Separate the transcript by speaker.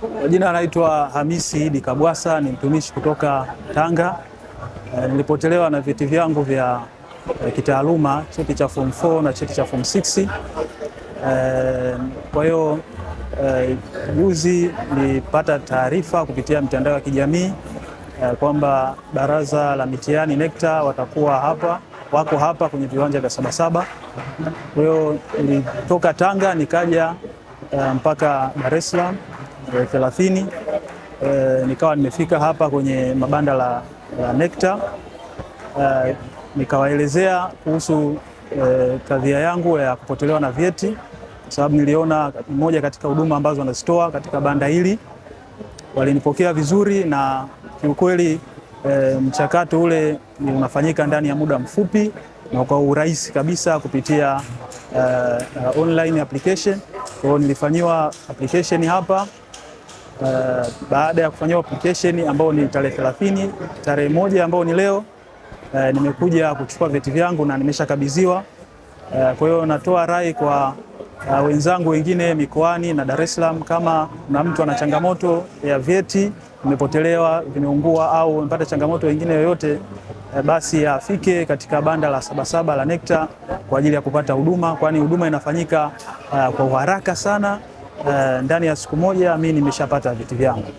Speaker 1: Kwa jina anaitwa Hamisi Idi Kabwasa, ni mtumishi kutoka Tanga. E, nilipotelewa na vyeti vyangu vya e, kitaaluma, cheti cha form 4 na cheti cha form 6. E, eh, kwa hiyo juzi e, nilipata taarifa kupitia mitandao ya kijamii e, kwamba baraza la mitihani NECTA watakuwa hapa wako hapa kwenye viwanja vya Sabasaba. Kwa hiyo nilitoka Tanga nikaja e, mpaka Dar es Salaam 30 e, eh, nikawa nimefika hapa kwenye mabanda la, la Necta e, eh, nikawaelezea kuhusu e, kadhia yangu ya kupotelewa na vyeti, kwa sababu niliona mmoja katika huduma ambazo wanazitoa katika banda hili. Walinipokea vizuri na kiukweli e, mchakato ule unafanyika ndani ya muda mfupi na kwa urahisi kabisa kupitia uh, uh, online application. Kwa hiyo nilifanyiwa application hapa. Uh, baada ya kufanyia application ambao ni tarehe 30 tarehe moja ambao ni leo uh, nimekuja kuchukua vyeti vyangu na nimeshakabidhiwa. Uh, kwa hiyo natoa rai kwa uh, wenzangu wengine mikoani na Dar es Salaam, kama na mtu ana changamoto ya vyeti vimepotelewa, vimeungua au amepata changamoto wengine yoyote uh, basi afike katika banda la Sabasaba la Necta kwa ajili ya kupata huduma, kwani huduma inafanyika uh, kwa uharaka sana. Eh, ndani ya siku moja mimi nimeshapata vitu vyangu.